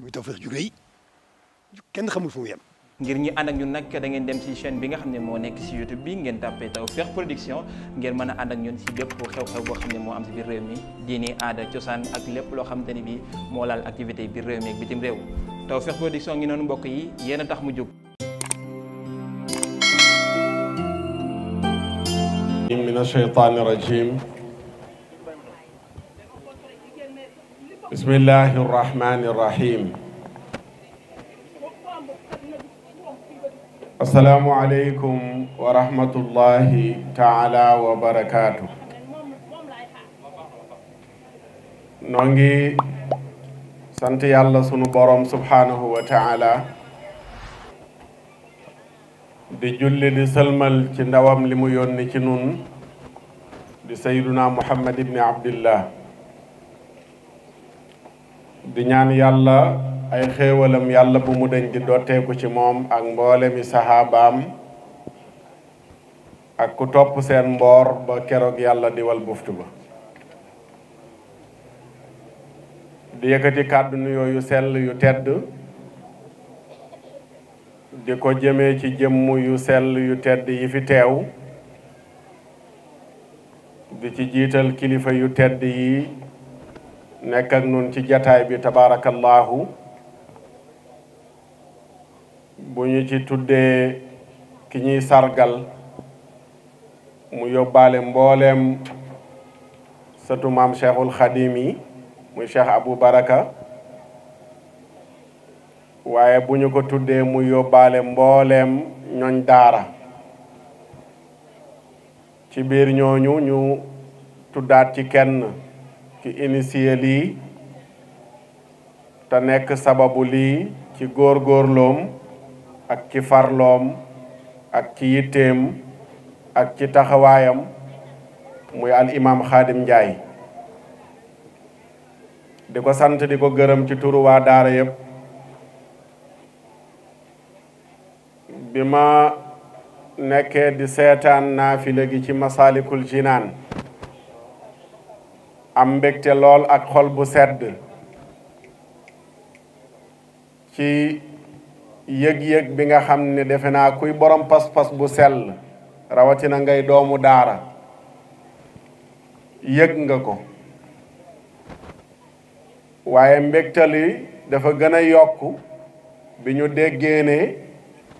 muy Tawfekh ju rëy kenn xamul fu mu ngir ñi ànd ak ñun nag da ngeen dem ci chaîne bi nga xam ne moo nekk ci YouTube bi ngeen tàppee Tawfekh Production ngeen mën a ànd ak ñun ci bépp xew-xew boo xam ne moo am ci biir réew mi diini aada cosaan ak lépp loo xamante ni bi moo laal activité biir réew mi ak bitim réew Tawfekh Production ngi noonu mbokk yi yéen a tax mu jóg. min ash-shaytaani bismillahi irrahmani irrahim asalaamu aleykum wa rahmatullahi taala wa barakaatu noo ngi sant yàlla sunu borom subhaanahu wa taala di julli di sëlmal ci ndawam li mu yónni ci nun di sayduna muhammad ibni abdillah di ñaan yàlla ay xéewalam yàlla bu mu deñ di dotteeku ci moom ak mboole mi saxaabaam ak ku topp seen mboor ba keroog yàlla di wal buftu ba di yëkkati kàddu nuyoo yu sell yu tedd di ko jëmee ci jëmm yu sell yu tedd yi fi teew di ci jiital kilifa yu tedd yi nekk nun ci jataay bi tabaarakallaahu bu ñu ci tuddee ki ñuy sargal mu yóbbaale mbooleem sëtu maam cheikhul xadim muy cheikh abou baraka waaye bu ñu ko tuddee mu yobbale mbooleem ñooñ daara ci biir ñooñu ñu tuddaat ci kenn ki initié lii ta nekk sababu lii ci góorgóorloom ak ci farloom ak ci yitteem ak ci taxawaayam muy al imam Xaadim Njaay di ko sant di ko gërëm ci turuwa waa daara yëpp bi ma nekkee di seetaan naafila gi ci masalikul jinaan am mbégte lool ak xol bu sedd ci yëg-yëg bi nga xam ne defe naa kuy borom pas-pas bu sell rawatina ngay doomu daara yëg nga ko waaye mbégte li dafa gën a yokk bi ñu déggee ne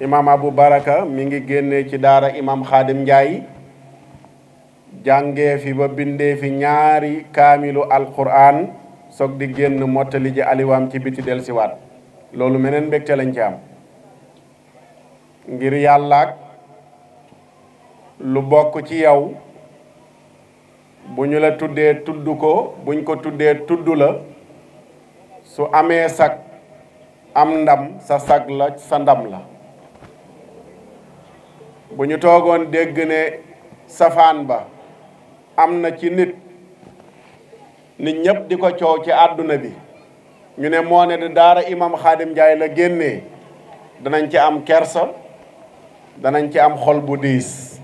imaam Abu Baraka mi ngi génne ci daara imam Xaadim Njaay jàngee fi ba bindee fi ñaari kaamilu alquran soog di génn mottali ji aliwaam ci biti del siwaat loolu meneen mbégte lañ ci am ngir yàllaak lu bokk ci yow bu ñu la tuddee tudd ko buñ ko tuddee tudd la su amee sag am ndam sa sag la sa ndam la bu ñu toogoon dégg ne safaan ba am na ci nit nit ñëpp di ko coow ci àdduna bi ñu ne moo ne di daara imam Xaadim Njaay la génnee danañ ci am kersa danañ ci am xol bu diis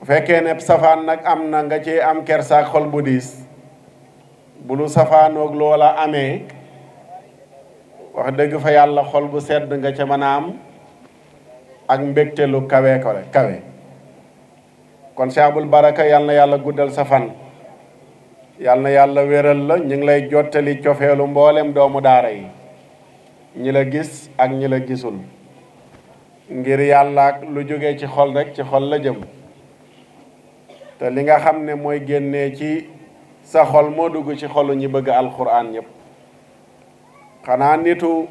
bu fekkee ne safaan nag am na nga ci am kersa xol bu diis bu lu safaanoog loola amee wax dëgg fa yàlla xol bu sedd nga ci mën a am ak mbégte lu kawe kawe kon Cheikh Abul Baraka yal yàlla guddal sa fan yal yàlla wéral la ñu ngi lay jottali cofeelu mboolem doomu daara yi ñi la gis ak ñi la gisul ngir yàlla ak lu jógee ci xol rek ci xol la jëm te li nga xam ne mooy génnee ci sa xol moo dugg ci xolu ñi bëgg alquran ñëpp xanaa nitu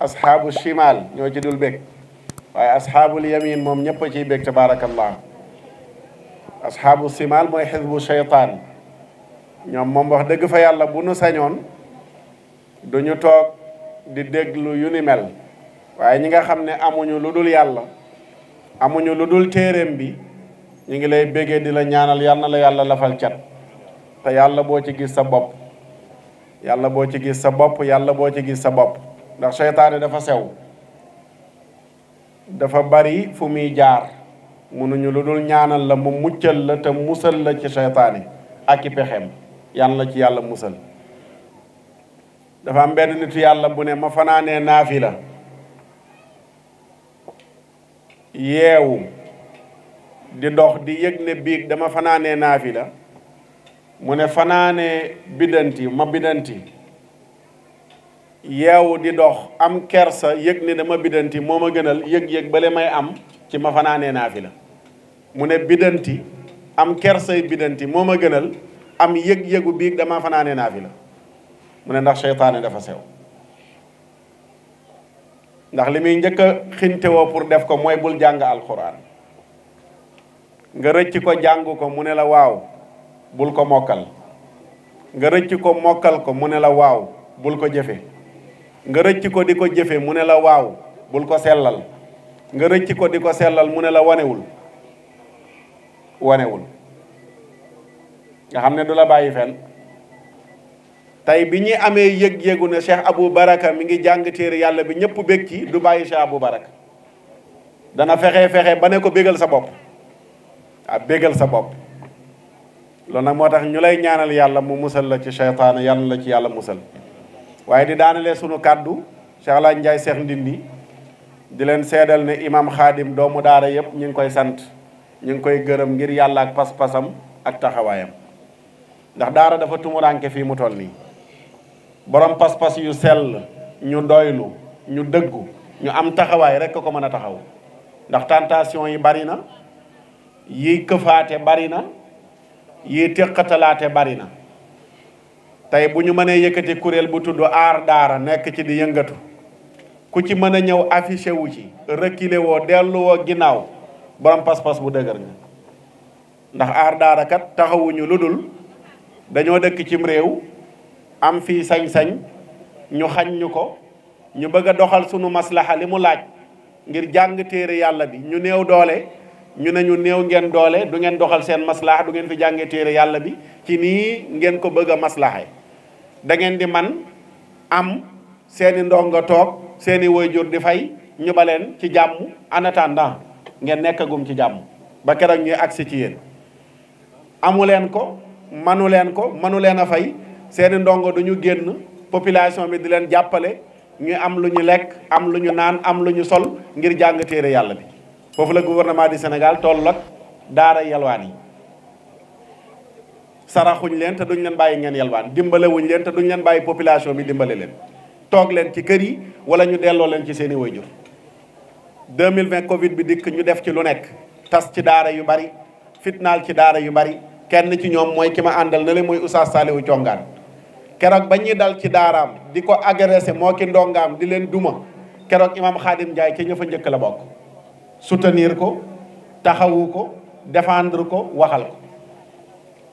asxaabu shimal ñoo ci dul bég waaye asxaabul yamin moom ñëpp a ciy bég tabarakallah asxaabu simaal mooy bu seytaan ñoom moom wax dëgg fa yàlla bu nu sañoon du ñu toog di déglu yu ni mel waaye ñi nga xam ne amuñu lu dul yàlla amuñu lu dul téeréem bi ñu ngi lay bégee di la ñaanal yal la yàlla lafal cat te yàlla boo ci gis sa bopp yàlla boo ci gis sa bopp yàlla boo ci gis sa bopp ndax seytaane dafa sew dafa bari fu muy jaar munuñu lu dul ñaanal la mu muccal la te musal la ci seytaane ak i pexeem yàlla ci yàlla musal dafa am benn nitu yàlla bu ne ma fanaanee naafi la yeewu di dox di yëg ne biig dama fanaanee naafi la mu ne fanaanee biddanti ma biddanti yeewu di dox am kersa yëg ne dama biddanti moo ma gënal yëg-yëg bale may am ci ma fanaanee naafi la mu ne biddanti am kersay biddanti moo ma gënal am yëg-yëgu biig dama fanaanee naafi la mu ne ndax seytaane dafa sew ndax li muy njëkk a xintewoo pour def ko mooy bul jàng alxuraan nga rëcc ko jàng ko mu ne la waaw bul ko mokkal nga rëcc ko mokkal ko mu ne la waaw bul ko jëfe nga rëcc ko di ko jëfee mu ne la waaw bul ko sellal nga rëcc ko di ko sellal mu ne la wanewul wanewul nga xam ne du la bàyyi fen tey bi ñuy amee yëg-yëgu ne Cheikh Abou Baraka mi ngi jàng téere yàlla bi ñëpp bég ci du bàyyi Cheikh Abou Baraka dana fexe fexe ba ne ko bégal sa bopp ah bégal sa bopp loolu nag moo tax ñu lay ñaanal yàlla mu musal la ci seytaane yàlla la ci yàlla musal waaye kàddu Cheikh Alaaji Njaay Cheikh Ndindi di leen seedal ne imam xaadim doomu daara yëpp ñu ngi koy sant ñu ngi koy gërëm ngir yàlla ak pas-pasam ak taxawaayam ndax daara dafa tumuranke fii mu toll nii boroom pas-pas yu sell ñu doylu ñu dëggu ñu am taxawaay rek ko mën a taxaw ndax tentation yi bari na yiy këfaate bari na yiy téqatalaate bari na tey bu ñu mënee yëkkati kuréel bu tudd aar daara nekk ci di yëngatu ku ci mën a ñëw affiché wu ci reculer woo delluwoo ginnaaw borom pas-pas bu dëgër nga ndax aar daarakat taxawuñu lu dul dañoo dëkk cim réew am fii sañ-sañ ñu xañ ñu ko ñu bëgg a doxal sunu maslaxa li mu laaj ngir jàng téere yàlla bi ñu néew doole ñu ne ñu néew ngeen doole du ngeen doxal seen maslaxa du ngeen fi jàngee téere yàlla bi ci nii ngeen ko bëgg a maslaxe da ngeen di man am seeni ndongo toog seeni waajur di fay ñu ba leen ci jàmm en attendant ngeen nekkagum ci jàmm ba keroog ñuy agsi ci yéen amu leen ko manu leen ko manu leen a fay seeni ndongo du ñu génn population bi di leen jàppale ñu am lu ñu lekk am lu ñu naan am lu ñu sol ngir jàng téere yàlla bi foofu la gouvernement du Sénégal toll ak daara yalwaan yi saraxuñ leen te duñ leen bàyyi ngeen yalwaan dimbale wuñ leen te duñ leen bàyyi population bi dimbale leen toog leen ci kër yi wala ñu delloo leen ci seen i wayjur 2020 Covid bi dikk ñu def ci lu nekk tas ci daara yu bari fitnaal ci daara yu bari kenn ci ñoom mooy ki ma àndal na le mooy Oustaz Saliou Thiongaan keroog ba ñuy dal ci daaraam di ko agressé moo ki ndongaam di leen duma keroog Imam Khadim Ndiaye ca ña fa njëkk la bokk soutenir ko taxawu ko defendre ko waxal ko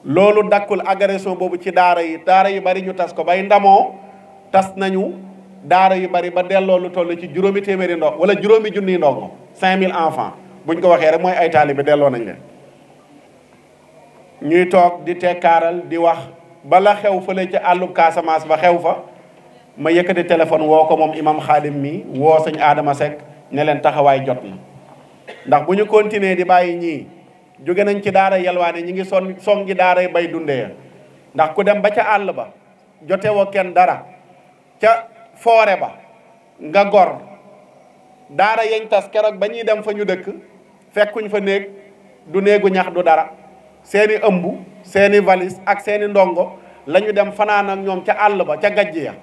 loolu dakkul agression boobu ci daara yi daara yu bari ñu tas ko bay ndamoo tas nañu daara yu bari ba delloo lu toll ci juróomi téeméeri ndox wala juróomi junniy ndongo 5000 enfants buñ ko waxee rek mooy ay taalibe delloo nañ leen. ñuy toog di tekkaaral di wax bala xew fa fële ca àllub Casamance ba xew fa ma yëkkati téléphone woo ko moom imam xaalim mii woo sëñ aadama Seck ne leen taxawaay jot na ndax bu ñu continuer di bàyyi ñii jóge nañ ci daara yalwaane ñu ngi son songi daaray bay dundee ndax ku dem ba ca àll ba jote woo kenn dara foore ba nga gor daara yeñ tas keroog ba ñuy dem fa ñu dëkk fekkuñ fa néeg du néegu ñax du dara seeni ëmb seeni valis ak seeni ndongo lañu dem fanaan ak ñoom ca àll ba ca gajj ya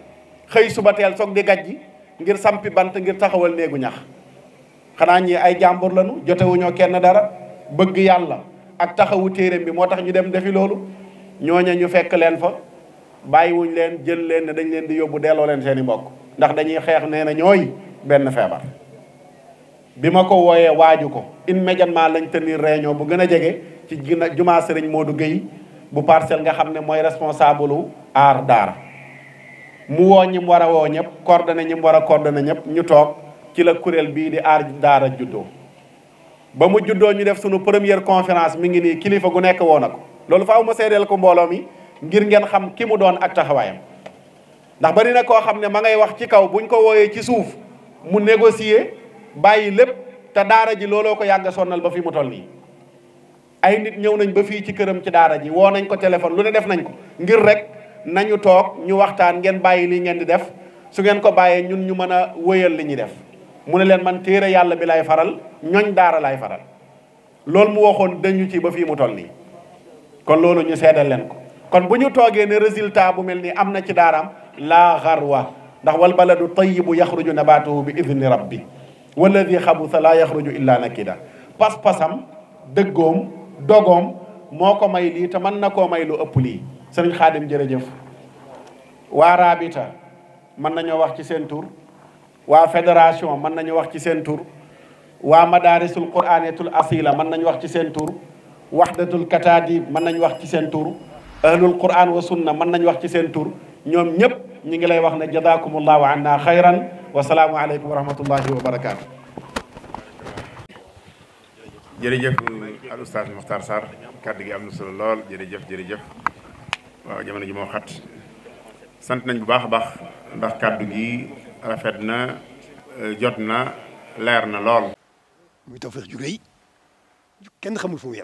xëy suba teel soog di gajji ngir sampi bant ngir taxawal néegu ñax xanaa ñi ay jàmbur lañu jotewuñoo kenn dara bëgg yàlla ak taxawu téereem bi moo tax ñu dem defi loolu ñooña ñu fekk leen fa bàyyiwuñ leen jël leen ne dañ leen di yóbbu delloo leen seen i mbokk ndax dañuy xeex nee na ñooy benn feebar bi ma ko wooyee waaju ko immédiatement lañ tenir réunion bu gën a jege ci jumaa sëriñ Modou Guèye bu parcel nga xam ne mooy responsable u aar daara mu woo ñi mu war a woo ñëpp coordonné ñi mu war a coordonné ñëpp ñu toog ci la kuréel bii di aar daara juddoo ba mu juddoo ñu def sunu première conférence mi ngi nii kilifa gu nekk woo na ko loolu faaw ko mbooloo mi ngir ngeen xam ki mu doon ak taxawaayam ndax bari na koo xam ne ma ngay wax ci kaw bu ñu ko wooyee ci suuf mu négocier bàyyi lépp te daara ji looloo ko yàgg sonnal ba fii mu toll nii. ay nit ñëw nañ ba fii ci këram ci daara ji woo nañ ko téléphone lu ne def nañ ko ngir rek nañu toog ñu waxtaan ngeen bàyyi li ngeen di def su ngeen ko bàyyee ñun ñu mën a wéyal li ñuy def mu ne leen man téere yàlla bi lay faral ñooñ daara lay faral loolu mu waxoon dañu ci ba fii mu toll nii kon loolu ñu seedal leen ko. kon bu ñu toogee ne résultat bu mel ni am na ci daaraam laa xarwa ndax wal baladu tayyibu yaxruju nabaatuhu bi idni rabbi walladi xabusa laa yaxruju illa na nakida pas-pasam dëggoom dogoom moo ko may lii te mën na koo may lu ëpp lii sëriñ xaadim jërëjëf waa Rabita mën nañoo wax ci seen tur waa fédération mën nañu wax ci seen tur waa madaarisul quraaniyatul asila mën nañu wax ci seen tur waxdatul katadib mën nañu wax ci seen tur ahlul quran wa sunna mën nañ wax ci seen tur ñoom ñëpp ñu ngi lay wax ne jazakumullahu anna xayran wa salaamu aleykum wa rahmatullahi wa barakaatu jërëjëf al oustaz Mokhtar gi am na solo lool jërëjëf jërëjëf waaw jamono ji moo xat sant nañ bu baax a baax ndax kàddu gi rafet na euh, jot na leer na lool. muy tawfeex ju rëy kenn xamul fu mu